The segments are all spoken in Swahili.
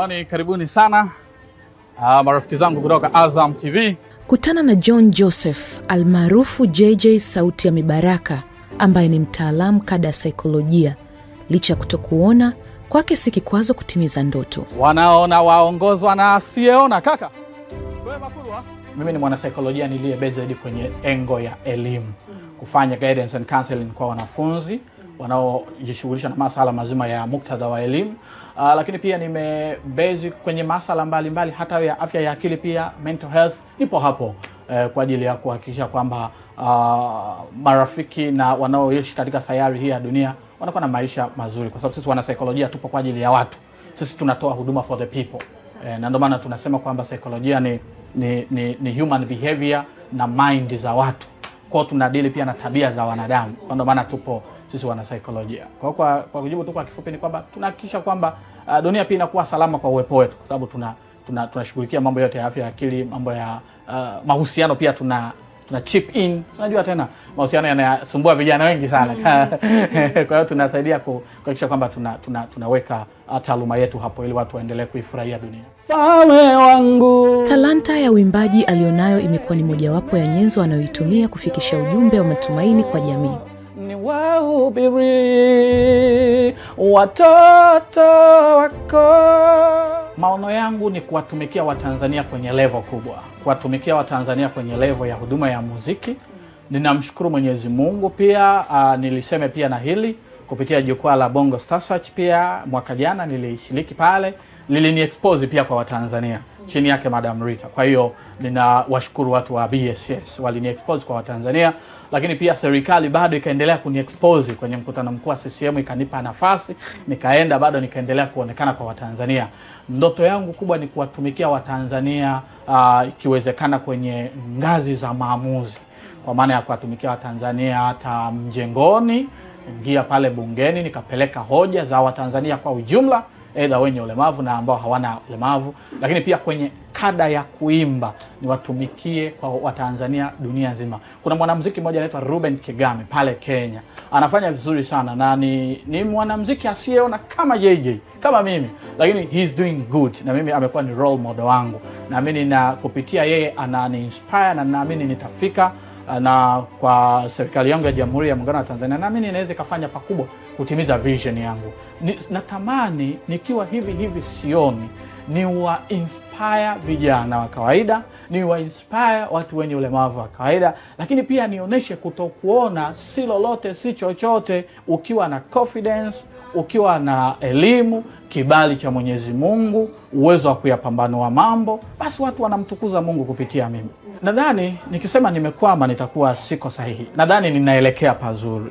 Jamani, karibuni sana uh, marafiki zangu kutoka Azam TV. Kutana na John Joseph almaarufu JJ Sauti ya Mibaraka, ambaye ni mtaalamu kada ya saikolojia. Licha ya kutokuona kwake si kikwazo kutimiza ndoto. Wanaona waongozwa na asiyeona. Kaka mimi ni mwanasaikolojia niliyebezi zaidi kwenye engo ya elimu, mm. kufanya guidance and counseling kwa wanafunzi wanaojishughulisha na masala mazima ya muktadha wa elimu uh, lakini pia nimebezi kwenye masala mbalimbali hata ya afya ya akili pia mental health nipo hapo eh, kwa ajili ya kuhakikisha kwamba uh, marafiki na wanaoishi katika sayari hii ya dunia wanakuwa na maisha mazuri, kwa sababu sisi wanasaikolojia tupo kwa ajili ya watu, sisi tunatoa huduma for the people eh, na ndio maana tunasema kwamba saikolojia ni, ni, ni, ni human behavior na mind za watu kwao, tunadili pia na tabia za wanadamu, kwa ndio maana tupo sisi wanasaikolojia. Kwa kwa, kwa kujibu tu kwa kifupi ni kwamba tunahakikisha kwamba uh, dunia pia inakuwa salama kwa uwepo wetu, kwa sababu tuna tunashughulikia tuna mambo yote ya afya ya akili, mambo ya uh, mahusiano pia tuna tuna chip in. Unajua tena mahusiano yanasumbua vijana wengi sana mm. kwa hiyo tunasaidia kuhakikisha kwamba tuna, tuna, tunaweka uh, taaluma yetu hapo ili watu waendelee kuifurahia dunia. Fawe wangu. Talanta ya uimbaji alionayo imekuwa ni mojawapo ya nyenzo anayoitumia kufikisha ujumbe wa matumaini kwa jamii wahubiri watoto wako. Maono yangu ni kuwatumikia Watanzania kwenye levo kubwa, kuwatumikia Watanzania kwenye levo ya huduma ya muziki. Ninamshukuru Mwenyezi Mungu pia uh, niliseme pia na hili kupitia jukwaa la Bongo Star Search pia mwaka jana nilishiriki pale, lilini expose pia kwa Watanzania chini yake Madam Rita. Kwa hiyo ninawashukuru watu wa BSS expose kwa Watanzania, lakini pia serikali bado ikaendelea kuniexpose kwenye mkutano mkuu wa CCM, ikanipa nafasi nikaenda, bado nikaendelea kuonekana kwa Watanzania. Ndoto yangu kubwa ni kuwatumikia Watanzania uh, ikiwezekana kwenye ngazi za maamuzi, kwa maana ya kuwatumikia Watanzania hata mjengoni, ingia pale bungeni nikapeleka hoja za Watanzania kwa ujumla aidha wenye ulemavu na ambao hawana ulemavu, lakini pia kwenye kada ya kuimba niwatumikie kwa Watanzania dunia nzima. Kuna mwanamziki mmoja anaitwa Ruben Kigame pale Kenya, anafanya vizuri sana na ni, ni mwanamziki asiyeona kama JJ kama mimi, lakini he's doing good, na mimi amekuwa ni role model wangu, naamini na kupitia yeye anani inspire na naamini nitafika Ah, na kwa serikali yangu ya Jamhuri ya Muungano wa Tanzania, naamini inaweza ikafanya pakubwa kutimiza vision yangu. Ni, natamani nikiwa hivi hivi sioni ni wa inspire vijana wa kawaida, ni wa inspire watu wenye ulemavu wa kawaida, lakini pia nionyeshe kutokuona si lolote si chochote ukiwa na confidence ukiwa na elimu, kibali cha Mwenyezi Mungu, uwezo wa kuyapambanua mambo, basi watu wanamtukuza Mungu kupitia mimi. Nadhani nikisema nimekwama nitakuwa siko sahihi. Nadhani ninaelekea pazuri,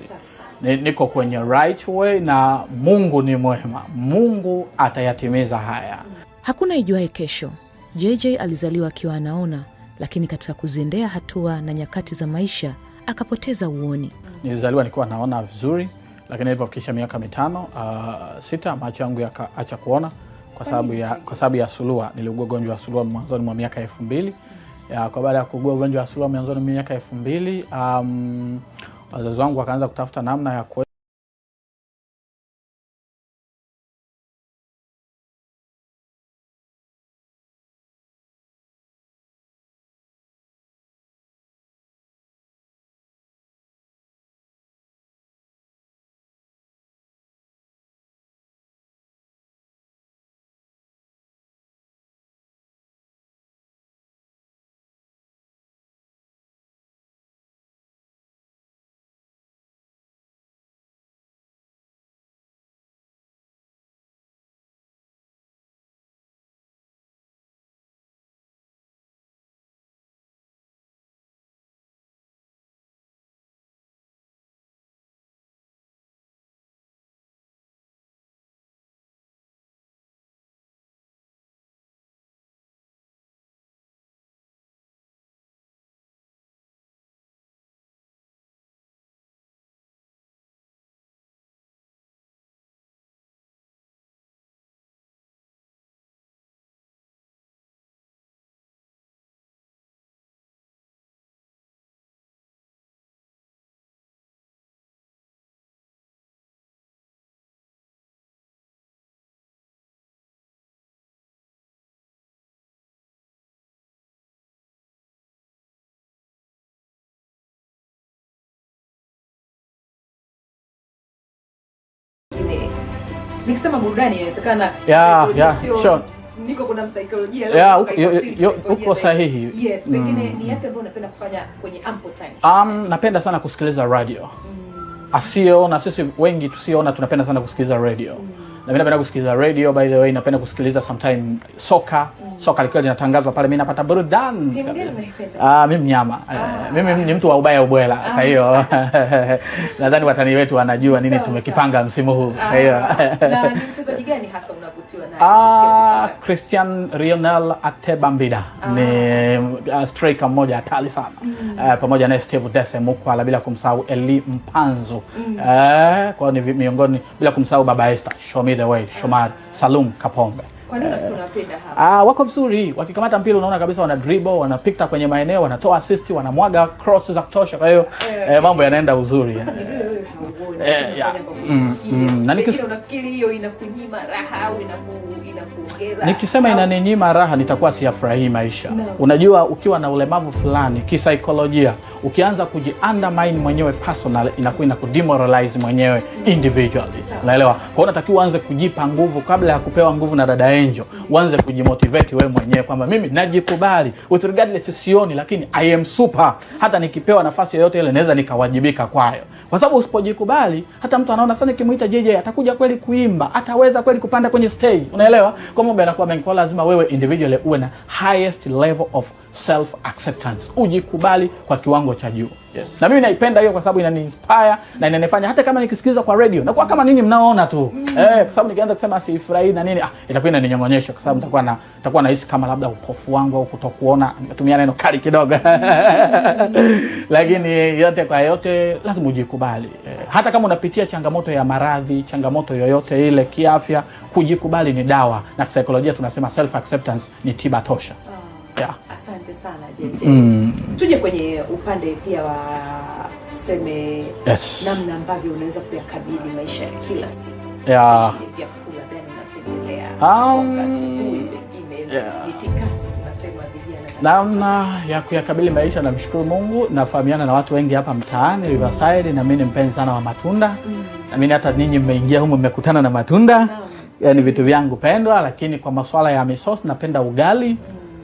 niko kwenye right way, na Mungu ni mwema, Mungu atayatimiza haya. Hakuna ijuaye kesho. JJ alizaliwa akiwa anaona, lakini katika kuziendea hatua na nyakati za maisha akapoteza uoni. Nilizaliwa nikiwa naona vizuri lakini alipofikisha miaka mitano uh, sita, macho yangu yakaacha kuona kwa sababu ya, kwa sababu ya sulua. Niliugua ugonjwa wa sulua mwanzoni mwa miaka elfu mbili ya, kwa baada ya kuugua ugonjwa wa sulua mwanzoni mwa miaka elfu mbili um, wazazi wangu wakaanza kutafuta namna ya kwe. nikisema burudani inawezekana yeah, yeah, sure. Niko kuna msaikolojia yeah, uko sahihi. Yes, pengine mm. ni yapi ambayo unapenda kufanya kwenye ample time? Um, napenda sana kusikiliza radio mm. Asiyeona sisi wengi tusioona tunapenda sana kusikiliza radio mm na mimi napenda kusikiliza radio by the way, napenda kusikiliza sometime soka mm. soka likiwa linatangazwa pale, mimi napata burudani. Ah, mimi mnyama eh, ah. mimi ni mtu wa ubaya ubwela, ah. kwa hiyo nadhani watani wetu wanajua nini so, tumekipanga so. msimu huu kwa ah. hiyo na mchezaji gani hasa unavutiwa naye? Ah, Christian Rionel Atebambida ah. ni uh, striker mmoja hatari sana mm. uh, pamoja na Steve Dese Mukwala, bila kumsahau Eli Mpanzu mm. uh, kwa ni miongoni, bila kumsahau baba Esther me the way Shomari Salum Kapombe. Kwa ah, wako vizuri. Wakikamata mpira unaona kabisa wana dribble, wanapita kwenye maeneo, wanatoa assist, wanamwaga crosses za kutosha. Kwa hiyo eh, eh mambo yanaenda uzuri. Sasa, eh. Eh, mm, mm. Nikisema inaninyima raha nitakuwa siyafurahii maisha no. Unajua, ukiwa na ulemavu fulani kisaikolojia, ukianza kujiundermine mwenyewe personal, inakuwa inakudemoralize mwenyewe mm. individually Sao. Unaelewa, unatakiwa uanze kujipa nguvu kabla ya kupewa nguvu na dada enjo uanze kujimotivate wee mwenyewe kwamba mimi najikubali with regardless, sioni lakini I am super. Hata nikipewa nafasi yoyote ile naweza nikawajibika kwayo, kwa sababu usipo unapojikubali, hata mtu anaona sana, kimuita JJ atakuja kweli kuimba, ataweza kweli kupanda kwenye stage, unaelewa? Kwa mbona anakuwa lazima wewe individually uwe na highest level of self acceptance, ujikubali kwa kiwango cha juu. Yes. Na mimi naipenda hiyo kwa sababu inani inspire na inanifanya hata kama nikisikiliza kwa radio nakuwa kama nini mnaona tu. Mm. Eh, kwa sababu nikianza kusema sifurahii na nini, ah, itakuwa inaninyamonyesha kwa sababu nitakuwa na nitakuwa nahisi kama labda upofu wangu au kutokuona, nimetumia neno kali kidogo. Mm. Lakini yote kwa yote lazima ujikubali. Eh, hata kama unapitia changamoto ya maradhi, changamoto yoyote ile kiafya, kujikubali ni dawa na kisaikolojia tunasema self acceptance ni tiba tosha. Ah yeah. Asante sana JJ. Mm. Tuje kwenye upande pia wa tuseme yes. Namna ambavyo unaweza kuyakabili maisha ya kila siku yeah. Vyakula gani unapendelea? Um, yeah. Itikasi tunasema vijana, namna ya kuyakabili maisha. Namshukuru Mungu, nafahamiana na watu wengi hapa mtaani mm. Riverside, na mimi ni mpenzi sana wa matunda mm. Na mimi hata ninyi mmeingia humu mmekutana na matunda no. Yani vitu vyangu pendwa, lakini kwa masuala ya misosi napenda ugali mm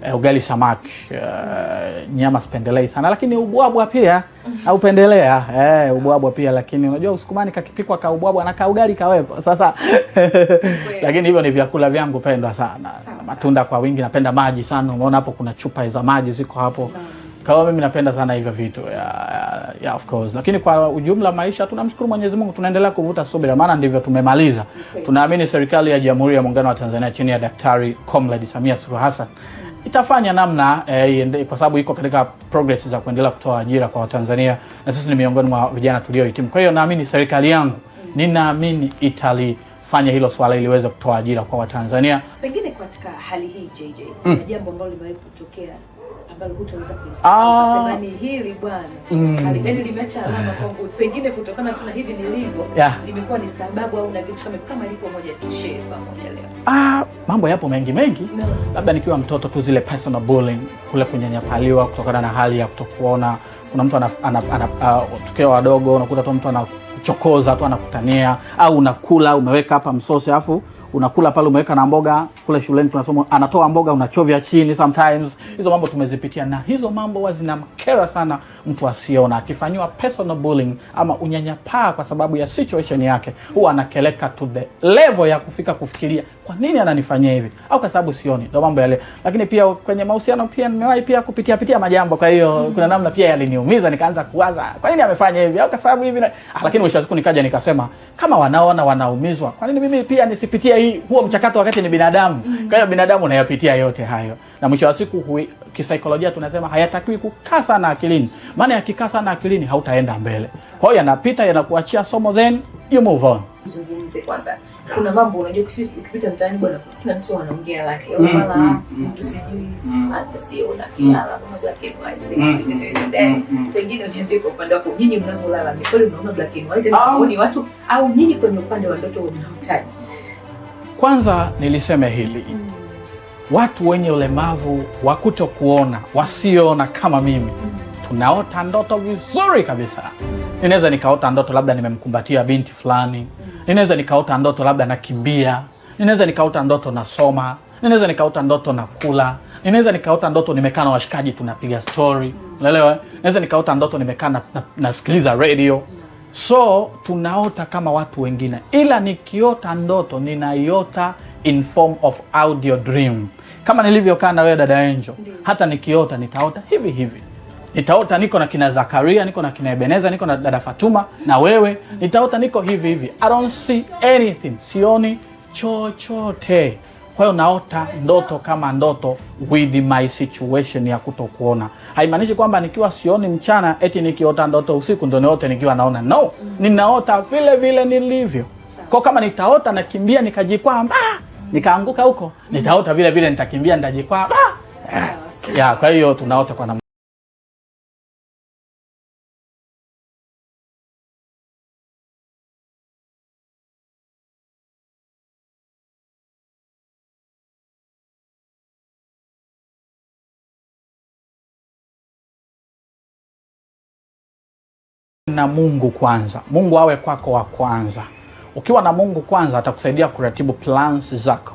eh, ugali samaki eh, nyama sipendelei sana lakini ubwabwa pia aupendelea eh, ubwabwa pia lakini unajua usukumani kakipikwa ka ubwabwa na ka ugali kawepo sasa lakini hivyo ni vyakula vyangu pendwa sana Sama, matunda kwa wingi napenda maji sana umeona hapo kuna chupa za maji ziko hapo kwa mimi napenda sana hivyo vitu ya, ya, ya of course, lakini kwa ujumla maisha tunamshukuru Mwenyezi Mungu, tunaendelea kuvuta subira, maana ndivyo tumemaliza. okay. Tunaamini serikali ya Jamhuri ya Muungano wa Tanzania chini ya Daktari Comrade Samia Suluhu Hassan itafanya namna eh, kwa sababu iko katika progress za kuendelea kutoa ajira kwa Watanzania na sisi ni miongoni mwa vijana tuliohitimu. Kwa hiyo naamini serikali yangu, ninaamini italifanya hilo swala ili kutoa ajira kwa Watanzania. Pengine katika hali hii JJ, mm. jambo ambalo limewahi kutokea ambalo hutaweza ah. ni hili bwana mm. Yani limeacha alama kwangu, pengine kutokana tu na hivi nilivyo yeah. Limekuwa ni sababu au na vitu kama kama lipo moja tu share pamoja leo. Ah, mambo yapo mengi mengi no. Labda nikiwa mtoto tu zile personal bullying, kule kunyanyapaliwa kutokana na hali ya kutokuona. Kuna mtu ana, ana, ana, ana uh, tukiwa wadogo unakuta tu mtu anakuchokoza tu anakutania, au unakula umeweka hapa msosi afu unakula pale umeweka na mboga kule shuleni tunasoma anatoa mboga unachovya chini sometimes hizo mambo tumezipitia na hizo mambo huwa zinamkera sana mtu asiona akifanyiwa personal bullying ama unyanyapaa kwa sababu ya situation yake huwa anakeleka to the level ya kufika kufikiria kwa nini ananifanyia hivi, au kwa sababu sioni, ndo mambo yale. Lakini pia kwenye mahusiano pia nimewahi pia kupitia pitia majambo, kwa hiyo mm kuna namna pia yaliniumiza, nikaanza kuwaza kwa nini amefanya hivi, au kwa sababu hivi na... ah, lakini mwisho siku nikaja nikasema kama wanaona wanaumizwa, kwa nini mimi pia nisipitie hii huo mchakato, wakati ni binadamu mm kwa hiyo binadamu unayapitia yote hayo, na mwisho wa siku hui kisaikolojia tunasema hayatakiwi kukaa sana akilini, maana yakikaa sana akilini hautaenda mbele. Kwa hiyo yanapita, yanakuachia somo, then you move on. Zungumze kwanza, kuna mambo unajua, ukipita mtaani bwana, kila mtu anaongea lake, wala mtu sijui black and white, mm, mm, mm, pengine kwa upande wako, nyinyi mnavyolala mnaona black and white, ah. ni watu au nyinyi kwenye upande wa ndoto Kwanza niliseme hili mm watu wenye ulemavu wa kutokuona, wasioona kama mimi, tunaota ndoto vizuri kabisa. Ninaweza nikaota ndoto labda nimemkumbatia binti fulani, ninaweza nikaota ndoto labda nakimbia, ninaweza nikaota ndoto nasoma, ninaweza nikaota ndoto nakula, ninaweza nikaota ndoto nimekaa na washikaji tunapiga stori, naelewa Naweza nikaota ndoto nimekaa na, na, nasikiliza redio. So tunaota kama watu wengine, ila nikiota ndoto ninaiota in form of audio dream. Kama nilivyokaa na wewe dada Angel, hata nikiota nitaota hivi hivi nitaota niko na kina Zakaria, niko na kina Ebeneza, niko na dada Fatuma na wewe, nitaota niko hivi hivi. I don't see anything, sioni chochote. Kwa hiyo naota ndoto kama ndoto with my situation ya kutokuona. Haimaanishi kwamba nikiwa sioni mchana eti nikiota ndoto usiku ndo niote nikiwa naona, no, mm. ninaota vile vile nilivyo. Kwa kama nitaota nakimbia nikajikwaa ah, nikaanguka huko, nitaota vile vile, nitakimbia, nitajikwaa. yeah, kwa hiyo tunaota kwa namna na Mungu kwanza. Mungu awe kwako wa kwanza. Ukiwa na Mungu kwanza, atakusaidia kuratibu plans zako,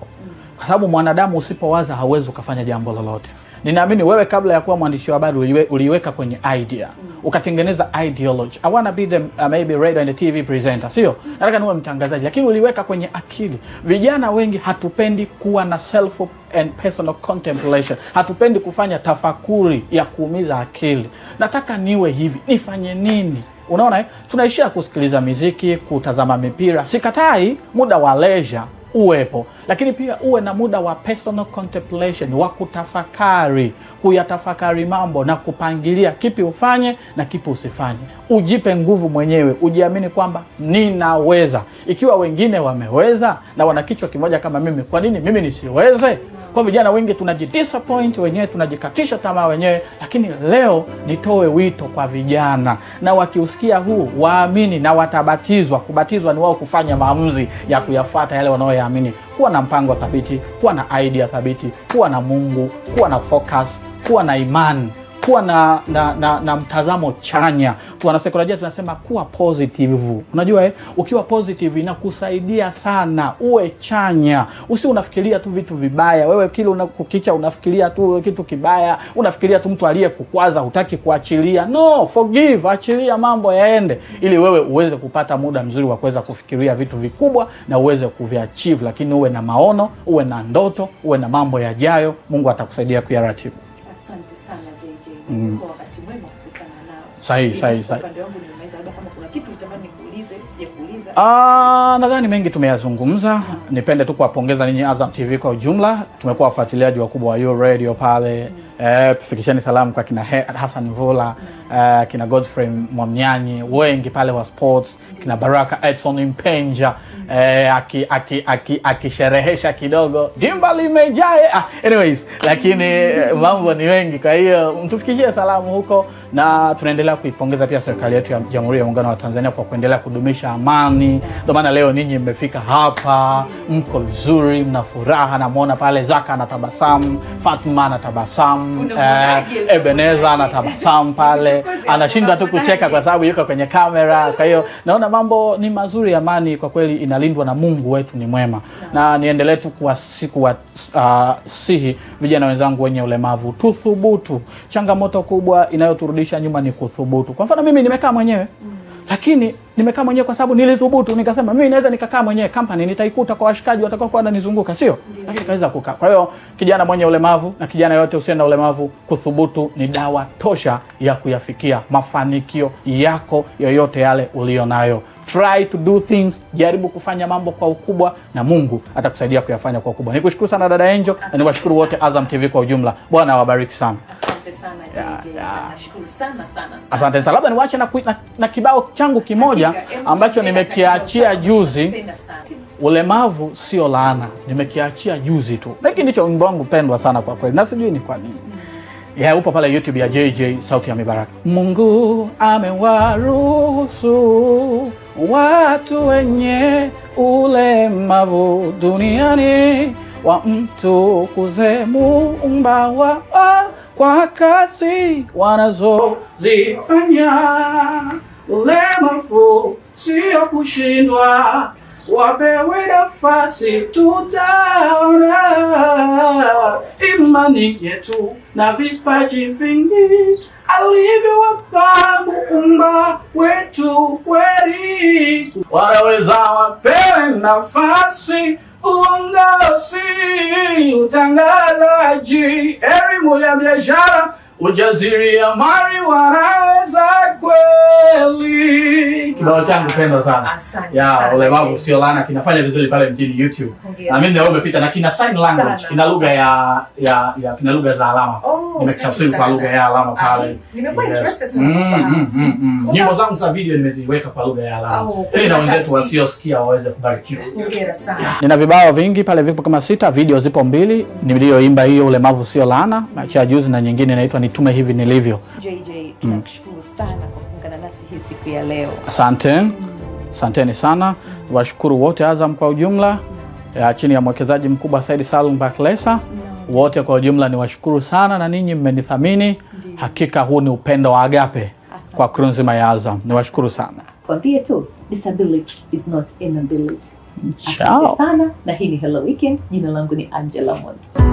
kwa sababu mwanadamu usipowaza hawezi ukafanya jambo lolote. Ninaamini wewe kabla ya kuwa mwandishi wa habari uliweka kwenye idea ukatengeneza ideology. I wanna be the uh, maybe radio and TV presenter, sio nataka niwe mtangazaji, lakini uliweka kwenye akili. Vijana wengi hatupendi kuwa na self and personal contemplation, hatupendi kufanya tafakuri ya kuumiza akili. Nataka niwe hivi, nifanye nini? Unaona eh? Tunaishia kusikiliza miziki, kutazama mipira. Sikatai muda wa leja uwepo, lakini pia uwe na muda wa personal contemplation, wa kutafakari, kuyatafakari mambo na kupangilia kipi ufanye na kipi usifanye. Ujipe nguvu mwenyewe, ujiamini kwamba ninaweza. Ikiwa wengine wameweza na wana kichwa kimoja kama mimi, kwa nini mimi nisiweze? Kwa vijana wengi tunajidisappoint wenyewe, tunajikatisha tamaa wenyewe, lakini leo nitoe wito kwa vijana, na wakiusikia huu waamini na watabatizwa. Kubatizwa ni wao kufanya maamuzi ya kuyafuata yale wanaoyaamini Kuwa na mpango thabiti, kuwa na idea thabiti, kuwa na Mungu, kuwa na focus, kuwa na imani kuwa na, na, na, na mtazamo chanya. Wanasaikolojia tunasema kuwa positive. Unajua eh? Ukiwa positive inakusaidia sana, uwe chanya, usi unafikiria tu vitu vibaya. Wewe kile unakukicha unafikiria tu kitu kibaya, unafikiria tu mtu aliyekukwaza, hutaki kuachilia. No, forgive, achilia mambo yaende, ili wewe uweze kupata muda mzuri wa kuweza kufikiria vitu vikubwa na uweze kuviachieve, lakini uwe na maono, uwe na ndoto, uwe na mambo yajayo. Mungu atakusaidia kuyaratibu. Asante. Ah, nadhani mengi tumeyazungumza ah. nipende tu kuwapongeza ninyi azam tv kwa ujumla tumekuwa wafuatiliaji wakubwa wa radio pale mm eh, tufikisheni salamu kwa kina Hassan Mvula eh, kina Godfrey Mwamnyanyi, wengi pale wa sports, kina Baraka Edson Mpenja eh, akisherehesha aki, aki, aki kidogo jimba limejae ah, anyways, lakini eh, mambo ni wengi, kwa hiyo mtufikishie salamu huko, na tunaendelea kuipongeza pia serikali yetu ya Jamhuri ya Muungano wa Tanzania kwa kuendelea kudumisha amani. Ndio maana leo ninyi mmefika hapa, mko vizuri, mna furaha, namwona pale Zaka anatabasamu, Fatma anatabasamu tabasamu eh, Ebeneza anatabasamu pale, anashindwa tu kucheka kwa sababu yuko kwenye kamera. Kwa hiyo naona mambo ni mazuri, amani kwa kweli inalindwa na Mungu wetu ni mwema, na niendelee tu kuwasihi ah, uh, vijana wenzangu wenye ulemavu tuthubutu. Changamoto kubwa inayoturudisha nyuma ni kuthubutu. Kwa mfano mimi nimekaa mwenyewe mm. lakini nimekaa mwenyewe kwa sababu nilithubutu, nikasema mimi naweza nikakaa mwenyewe, company nitaikuta kwa washikaji watakao kwa wananizunguka, sio lakini kaweza kukaa. Kwa hiyo kijana mwenye ulemavu na kijana yote usiye na ulemavu, kuthubutu ni dawa tosha ya kuyafikia mafanikio yako yoyote yale nayo. Try to do things, jaribu kufanya mambo kwa ukubwa na Mungu atakusaidia kuyafanya kwa ukubwa. Nikushukuru sana dada Angel na niwashukuru wote Azam TV kwa ujumla. Bwana awabariki sana. Asante sana JJ. Nashukuru sana sana sana. Asante sana. Labda niwache na, na, na kibao changu kimoja ambacho nimekiachia juzi, ulemavu sio laana, nimekiachia juzi tu. Hiki ndicho wimbo wangu pendwa sana kwa kweli, na sijui ni kwa nini Yeah, upo pale YouTube ya JJ Sauti ya Mibaraka. Mungu amewaruhusu watu wenye ulemavu duniani wamtukuze Muumba wao kwa kazi wanazozifanya ulemavu sio kushindwa, wapewe nafasi, tutaona imani yetu na vipaji vingi alivyowapa Muumba wetu kweli. Wanaweza wapewe nafasi, uongozi, utangazaji, elimu ya biashara, mari wanaweza kweli kibao changu pendwa sana ya babu sio lana kinafanya vizuri pale mjini YouTube na mimi leo umepita na kina sign language, kina lugha ya ya ya kina lugha za alama, oh, nimekitafsiri kwa lugha ya alama pale. Nimekuwa interested sana, mm, mm, mm, nyimbo zangu za video nimeziweka kwa lugha ya alama ili oh, yaani na wenzetu wasiosikia waweze kubarikiwa. Nina vibao vingi pale, vipo kama sita, video zipo mbili nilioimba hiyo ulemavu sio lana, acha juzi na nyingine inaitwa nitume hivi nilivyo. JJ, tunakushukuru sana siku ya leo. Asante, asanteni sana, washukuru wote Azam kwa ujumla ya chini ya mwekezaji mkubwa Said Salum Baklesa wote kwa ujumla ni washukuru sana, na ninyi mmenithamini. Hakika huu ni upendo wa agape Asante. Kwa kru nzima ya Azam ni washukuru sana, kwambie tu disability is not inability. Asante sana, na hii ni Hello Weekend. Jina langu ni Angela Mondo.